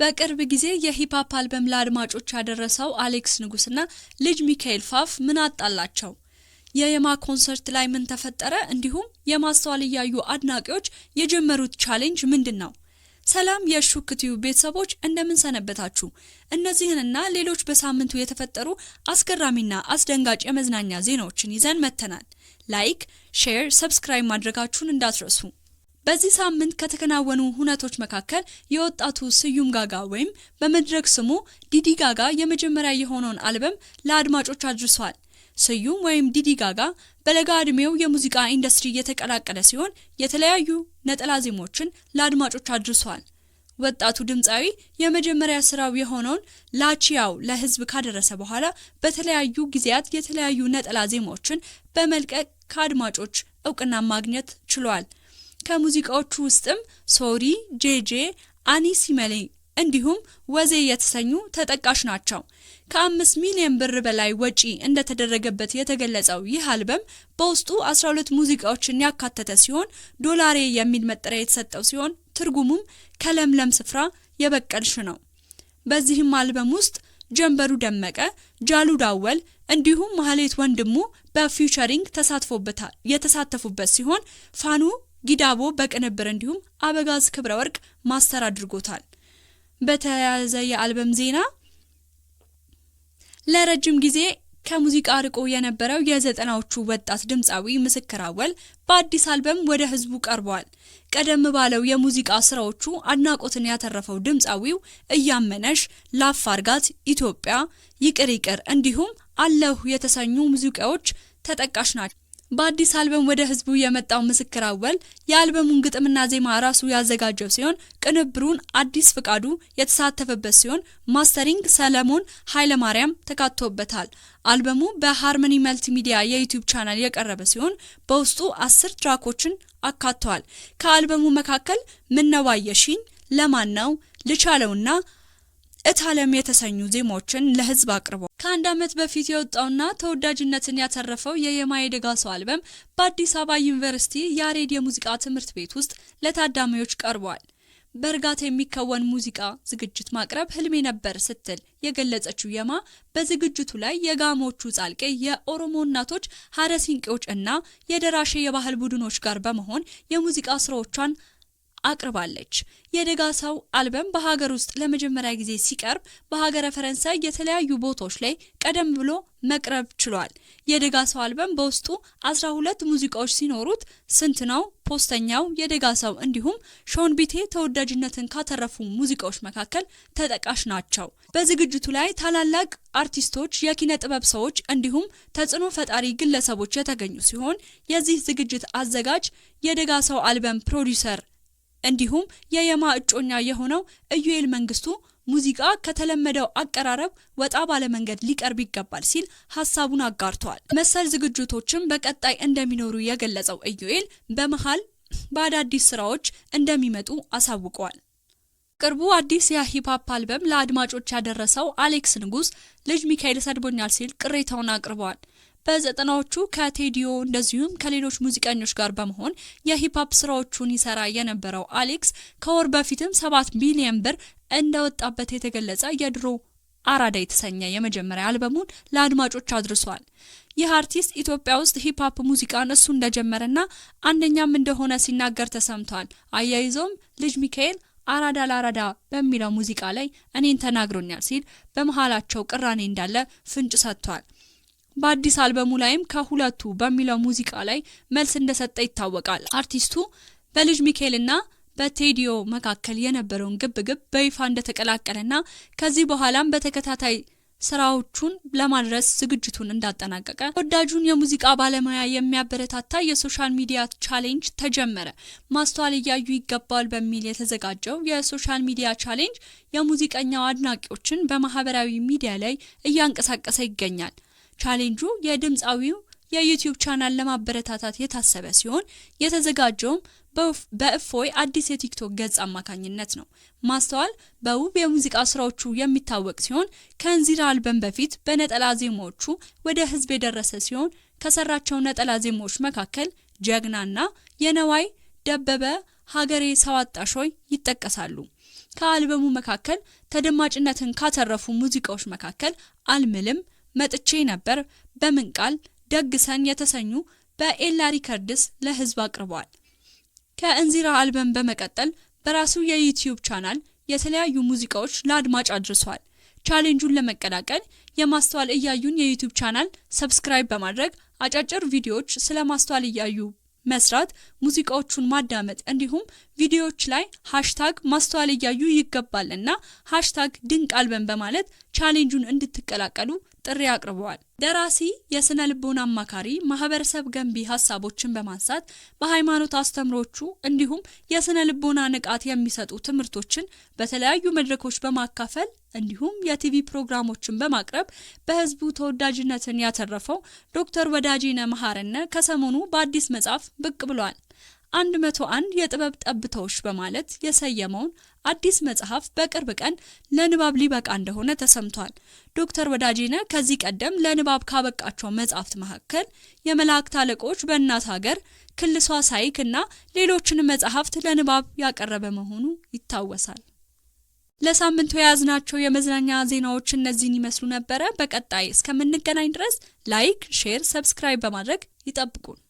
በቅርብ ጊዜ የሂፓፕ አልበም ለአድማጮች ያደረሰው አሌክስ ንጉስና ልጅ ሚካኤል ፋፍ ምን አጣላቸው? የየማ ኮንሰርት ላይ ምን ተፈጠረ? እንዲሁም የማስተዋል እያዩ አድናቂዎች የጀመሩት ቻሌንጅ ምንድን ነው? ሰላም የሹክትዩ ቤተሰቦች እንደምን ሰነበታችሁ? እነዚህንና ሌሎች በሳምንቱ የተፈጠሩ አስገራሚና አስደንጋጭ የመዝናኛ ዜናዎችን ይዘን መጥተናል። ላይክ፣ ሼር፣ ሰብስክራይብ ማድረጋችሁን እንዳትረሱ። በዚህ ሳምንት ከተከናወኑ ሁነቶች መካከል የወጣቱ ስዩም ጋጋ ወይም በመድረክ ስሙ ዲዲ ጋጋ የመጀመሪያ የሆነውን አልበም ለአድማጮች አድርሷል። ስዩም ወይም ዲዲ ጋጋ በለጋ ዕድሜው የሙዚቃ ኢንዱስትሪ እየተቀላቀለ ሲሆን የተለያዩ ነጠላ ዜሞችን ለአድማጮች አድርሷል። ወጣቱ ድምፃዊ የመጀመሪያ ስራው የሆነውን ላቺያው ለህዝብ ካደረሰ በኋላ በተለያዩ ጊዜያት የተለያዩ ነጠላ ዜማዎችን በመልቀቅ ከአድማጮች እውቅና ማግኘት ችሏል። ከሙዚቃዎቹ ውስጥም ሶሪ፣ ጄጄ፣ አኒ ሲመሌ እንዲሁም ወዜ የተሰኙ ተጠቃሽ ናቸው። ከአምስት ሚሊዮን ብር በላይ ወጪ እንደተደረገበት የተገለጸው ይህ አልበም በውስጡ 12 ሙዚቃዎችን ያካተተ ሲሆን ዶላሬ የሚል መጠሪያ የተሰጠው ሲሆን ትርጉሙም ከለምለም ስፍራ የበቀልሽ ነው። በዚህም አልበም ውስጥ ጀንበሩ ደመቀ፣ ጃሉ ዳወል እንዲሁም ማህሌት ወንድሙ በፊውቸሪንግ ተሳትፎበታል የተሳተፉበት ሲሆን ፋኑ ጊዳቦ በቅንብር እንዲሁም አበጋዝ ክብረ ወርቅ ማስተር አድርጎታል። በተያያዘ የአልበም ዜና ለረጅም ጊዜ ከሙዚቃ ርቆ የነበረው የዘጠናዎቹ ወጣት ድምፃዊ ምስክር አወል በአዲስ አልበም ወደ ህዝቡ ቀርቧል። ቀደም ባለው የሙዚቃ ስራዎቹ አድናቆትን ያተረፈው ድምፃዊው እያመነሽ፣ ላፋርጋት፣ ኢትዮጵያ፣ ይቅር ይቅር እንዲሁም አለሁ የተሰኙ ሙዚቃዎች ተጠቃሽ ናቸው። በአዲስ አልበም ወደ ህዝቡ የመጣው ምስክር አወል የአልበሙን ግጥምና ዜማ ራሱ ያዘጋጀው ሲሆን ቅንብሩን አዲስ ፍቃዱ የተሳተፈበት ሲሆን ማስተሪንግ ሰለሞን ኃይለማርያም ተካቶበታል። አልበሙ በሃርመኒ መልቲ ሚዲያ የዩቲዩብ ቻናል የቀረበ ሲሆን በውስጡ አስር ትራኮችን አካቷል። ከአልበሙ መካከል ምነዋየሽኝ፣ ለማን ነው፣ ልቻለውና እታለም የተሰኙ ዜማዎችን ለህዝብ አቅርቧል። ከአንድ ዓመት በፊት የወጣውና ተወዳጅነትን ያተረፈው ደጋ ሰው አልበም በአዲስ አበባ ዩኒቨርሲቲ ያሬድ የሙዚቃ ትምህርት ቤት ውስጥ ለታዳሚዎች ቀርቧል። በእርጋታ የሚከወን ሙዚቃ ዝግጅት ማቅረብ ህልሜ ነበር ስትል የገለጸችው የማ በዝግጅቱ ላይ የጋሞቹ ጻልቄ የኦሮሞ እናቶች ሀረ ሲንቄዎች እና የደራሼ የባህል ቡድኖች ጋር በመሆን የሙዚቃ ስራዎቿን አቅርባለች። የደጋ ሰው አልበም በሀገር ውስጥ ለመጀመሪያ ጊዜ ሲቀርብ በሀገረ ፈረንሳይ የተለያዩ ቦታዎች ላይ ቀደም ብሎ መቅረብ ችሏል። የደጋ ሰው አልበም በውስጡ 12 ሙዚቃዎች ሲኖሩት ስንት ነው፣ ፖስተኛው፣ የደጋ ሰው እንዲሁም ሾን ቢቴ ተወዳጅነትን ካተረፉ ሙዚቃዎች መካከል ተጠቃሽ ናቸው። በዝግጅቱ ላይ ታላላቅ አርቲስቶች፣ የኪነ ጥበብ ሰዎች እንዲሁም ተጽዕኖ ፈጣሪ ግለሰቦች የተገኙ ሲሆን የዚህ ዝግጅት አዘጋጅ የደጋ ሰው አልበም ፕሮዲውሰር እንዲሁም የየማ እጮኛ የሆነው እዩኤል መንግስቱ ሙዚቃ ከተለመደው አቀራረብ ወጣ ባለ መንገድ ሊቀርብ ይገባል ሲል ሀሳቡን አጋርተዋል። መሰል ዝግጅቶችም በቀጣይ እንደሚኖሩ የገለጸው እዩኤል በመሃል በአዳዲስ ስራዎች እንደሚመጡ አሳውቀዋል። ቅርቡ አዲስ የሂፓፕ አልበም ለአድማጮች ያደረሰው አሌክስ ንጉስ ልጅ ሚካኤል ሰድቦኛል ሲል ቅሬታውን አቅርበዋል። በዘጠናዎቹ ከቴዲዮ እንደዚሁም ከሌሎች ሙዚቀኞች ጋር በመሆን የሂፕሆፕ ስራዎቹን ይሰራ የነበረው አሌክስ ከወር በፊትም ሰባት ሚሊዮን ብር እንደወጣበት የተገለጸ የድሮ አራዳ የተሰኘ የመጀመሪያ አልበሙን ለአድማጮች አድርሷል። ይህ አርቲስት ኢትዮጵያ ውስጥ ሂፕሆፕ ሙዚቃን እሱ እንደጀመረና አንደኛም እንደሆነ ሲናገር ተሰምቷል። አያይዞም ልጅ ሚካኤል አራዳ ለአራዳ በሚለው ሙዚቃ ላይ እኔን ተናግሮኛል ሲል በመሀላቸው ቅራኔ እንዳለ ፍንጭ ሰጥቷል። በአዲስ አልበሙ ላይም ከሁለቱ በሚለው ሙዚቃ ላይ መልስ እንደሰጠ ይታወቃል። አርቲስቱ በልጅ ሚካኤልና በቴዲዮ መካከል የነበረውን ግብግብ በይፋ እንደተቀላቀለና ከዚህ በኋላም በተከታታይ ስራዎቹን ለማድረስ ዝግጅቱን እንዳጠናቀቀ ወዳጁን የሙዚቃ ባለሙያ የሚያበረታታ የሶሻል ሚዲያ ቻሌንጅ ተጀመረ። ማስተዋል እያዩ ይገባል በሚል የተዘጋጀው የሶሻል ሚዲያ ቻሌንጅ የሙዚቀኛው አድናቂዎችን በማህበራዊ ሚዲያ ላይ እያንቀሳቀሰ ይገኛል። ቻሌንጁ የድምፃዊው የዩቲዩብ ቻናል ለማበረታታት የታሰበ ሲሆን የተዘጋጀውም በእፎይ አዲስ የቲክቶክ ገጽ አማካኝነት ነው። ማስተዋል በውብ የሙዚቃ ስራዎቹ የሚታወቅ ሲሆን ከእንዚራ አልበም በፊት በነጠላ ዜማዎቹ ወደ ህዝብ የደረሰ ሲሆን ከሰራቸው ነጠላ ዜማዎች መካከል ጀግናና የነዋይ ደበበ ሀገሬ ሰው ይጠቀሳሉ። ከአልበሙ መካከል ተደማጭነትን ካተረፉ ሙዚቃዎች መካከል አልምልም መጥቼ ነበር በምን ቃል ደግሰን የተሰኙ በኤላ ሪከርድስ ለህዝብ አቅርበዋል። ከእንዚራ አልበም በመቀጠል በራሱ የዩቲዩብ ቻናል የተለያዩ ሙዚቃዎች ለአድማጭ አድርሷል። ቻሌንጁን ለመቀላቀል የማስተዋል እያዩን የዩቲዩብ ቻናል ሰብስክራይብ በማድረግ አጫጭር ቪዲዮዎች ስለ ማስተዋል እያዩ መስራት፣ ሙዚቃዎቹን ማዳመጥ እንዲሁም ቪዲዮዎች ላይ ሃሽታግ ማስተዋል እያዩ ይገባልና ሃሽታግ ድንቅ አልበም በማለት ቻሌንጁን እንድትቀላቀሉ ጥሪ አቅርበዋል። ደራሲ፣ የስነ ልቦና አማካሪ፣ ማህበረሰብ ገንቢ ሀሳቦችን በማንሳት በሃይማኖት አስተምሮቹ እንዲሁም የስነ ልቦና ንቃት የሚሰጡ ትምህርቶችን በተለያዩ መድረኮች በማካፈል እንዲሁም የቲቪ ፕሮግራሞችን በማቅረብ በህዝቡ ተወዳጅነትን ያተረፈው ዶክተር ወዳጄነህ መሀረነ ከሰሞኑ በአዲስ መጽሐፍ ብቅ ብሏል። 101 የጥበብ ጠብታዎች በማለት የሰየመውን አዲስ መጽሐፍ በቅርብ ቀን ለንባብ ሊበቃ እንደሆነ ተሰምቷል። ዶክተር ወዳጄነ ከዚህ ቀደም ለንባብ ካበቃቸው መጽሐፍት መካከል የመላእክት አለቆች፣ በእናት ሀገር፣ ክልሷ ሳይክ እና ሌሎችን መጽሐፍት ለንባብ ያቀረበ መሆኑ ይታወሳል። ለሳምንቱ የያዝናቸው የመዝናኛ ዜናዎች እነዚህን ይመስሉ ነበረ። በቀጣይ እስከምንገናኝ ድረስ ላይክ፣ ሼር፣ ሰብስክራይብ በማድረግ ይጠብቁን።